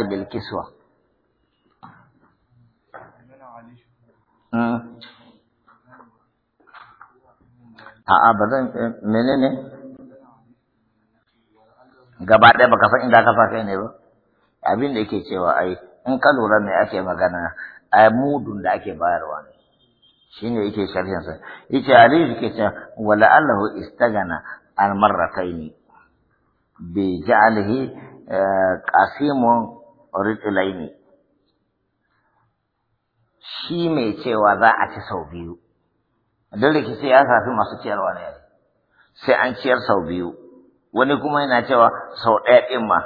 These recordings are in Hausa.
الحياة بالكسوة أبدا منين gaba ɗaya baka san inda ka sa kai ne ba abin da yake cewa ai in ka lura me ake magana ai mudun da ake bayarwa ne shine yake sharhin sa yace hadisi yake cewa wala allahu istagana al marrataini bi ja'alihi eh, qasimun ritulaini shi mai cewa za a ci sau biyu dole ki sai ya safi masu ciyarwa ne sai an ciyar sau biyu wani kuma yana cewa sau ɗaya ɗin ma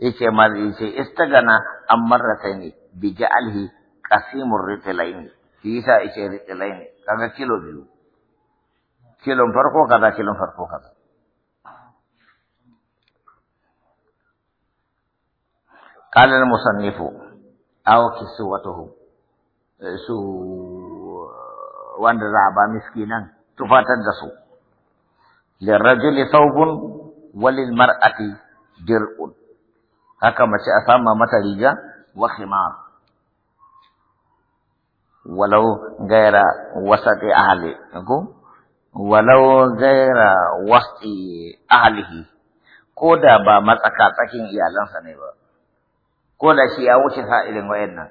yace ma yace istagana an marrataini bi ja'alhi qasimur ritulaini shi yasa yace ritulaini kaga kilo biyu kilon farko kaza kilon farko kaza قال المصنف أو كسوته su wanda za a ba miskinan tufatar da su lirrajuli thawbun walil mar'ati dir'un haka mace a sama mata riga wa khimar walau gaira wasati ahli ko walau gaira wasti ko da ba matsaka tsakin iyalansa ne ba كل شيء shi ya wuce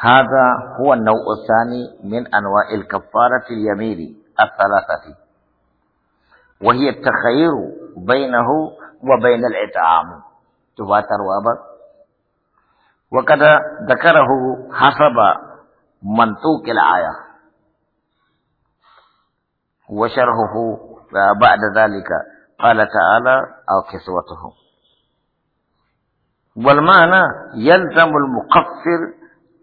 هذا هو النوع الثاني من أنواع الكفارة اليمين الثلاثة وهي التخير بينه وبين الإطعام تباتر وابد وقد ذكره حسب منطوق الآية وشرحه بعد ذلك قال تعالى أو كسوتهم والمعنى يلزم المقصر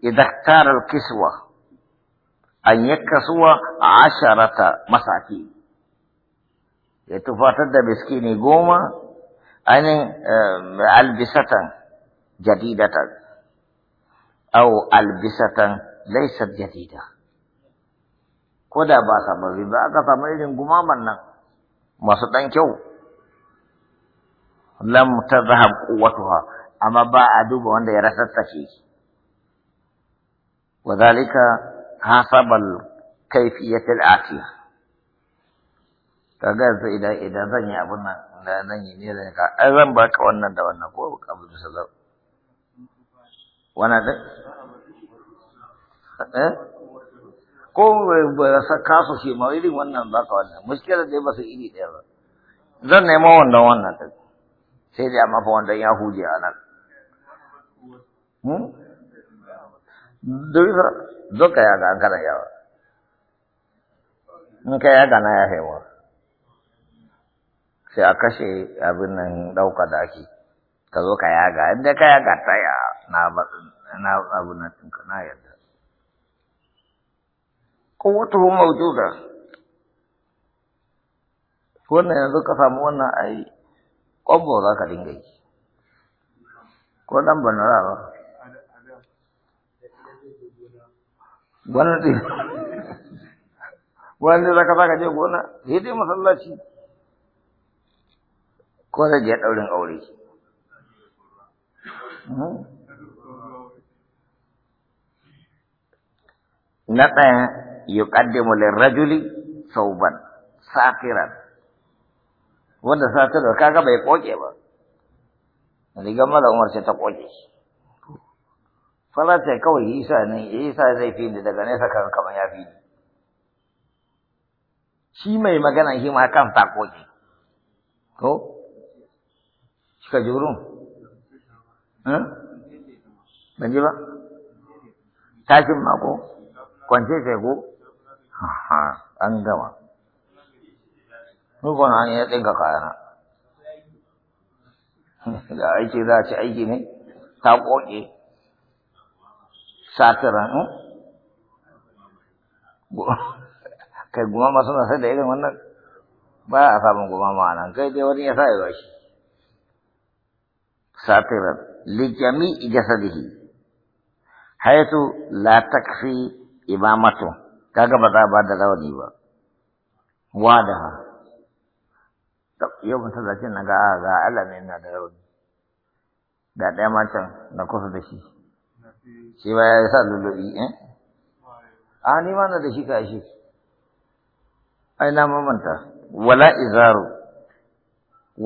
إذا اختار الكسوة أن يكسو عشرة مساكين يتفاتد بسكيني قومة أن آه، ألبسة جديدة أو ألبسة ليست جديدة كودا باسا مبيبا أكثر من إذن قماما ما سدن كو لم تذهب قوتها amma ba a duba wanda ya rasarta shi وذلك حسب الكيفية الآتية kaga sai idan idan zan yi abun nan da zan yi ne zan ka ai zan baka wannan da wannan ko abu da sallar wannan da eh? ko ba sa kasu shi ma irin wannan baka wannan muskilar dai ba su iri ɗaya ba zan nemo wannan wannan sai dai amma fa wannan ya huje a nan duka duka ya ga kana yawa in ka ya na ya hewa sai a kashe abin nan ɗauka da ake ka zo ka yaga inda ka yaga ta ya na na abu na tunka na yadda ko wata hu mawjuda wannan yanzu ka samu wannan ai kwabo za ka dinga yi ko dan banara ba gwamnati wanda zaka zaka je gona sai dai masallaci ko da je daurin aure na ɗaya yuqaddimu lirrajuli sauban safiran wanda safiran kaga bai koke ba Riga mala umar sai ta koke shi falata kawai isa ne isa zai fi ni daga nesa kan kamar ya fi ni shi mai magana shi ma kan sako ne ko kika jurun eh? ban ji ba tashin mako kwance sai ko ha an gama Nufin an ya tsinka kayana. Da aiki za a ci aiki ne, ta koke. satira kai gumama suna sai da irin wannan ba a samun gumama a nan kai dai wani ya sa ya bashi satiran jami'i jasadihi haitu la takfi imamatu kaga ba za ba da rawani ba wadaha yau mutum zafi na ga ga Allah ne da rauni da ɗaya macen na kusa da shi shi ma ya sa lullubi eh a ni ma na da shi ka shi ai na mamanta wala izaru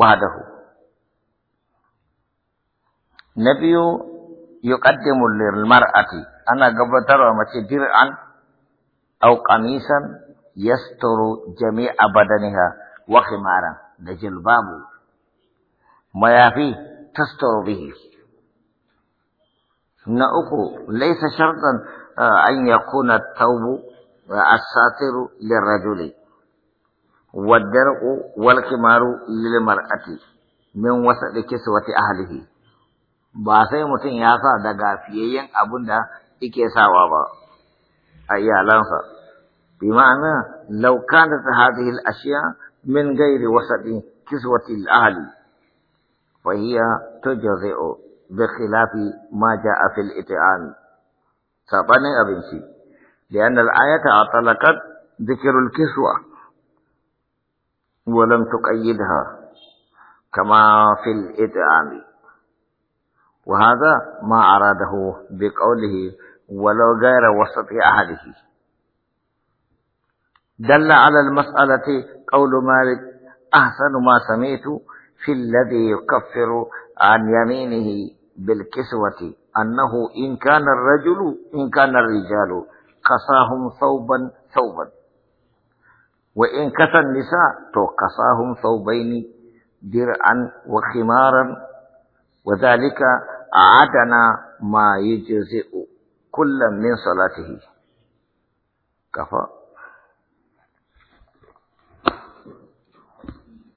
wahdahu na biyu yuqaddimu lil mar'ati ana gabatarwa mace dir'an aw qamisan yasturu jami'a badaniha wa khimaran da jilbabu mayafi tasturu bihi ثم أقول ليس شرطا آه، أن يكون التوب آه، الساتر للرجل والدرء والكمار للمرأة من وسط كسوة أهله باسي متن ياسا دقا فيه أبن دا إكيسا وابا أي لانسا بمعنى لو كانت هذه الأشياء من غير وسط كسوة الأهل فهي تجزئ بخلاف ما جاء في الاتعان سابني سي لأن الآية أطلقت ذكر الكسوة ولم تقيدها كما في الاتعان وهذا ما أراده بقوله ولو غير وسط أحده دل على المسألة قول مالك أحسن ما سمعت في الذي يكفر عن يمينه بالكسوة أنه إن كان الرجل إن كان الرجال قصاهم ثوبا ثوبا وإن كسى النساء تو قصاهم ثوبين درعا وخمارا وذلك عدنا ما يجزئ كل من صلاته كفى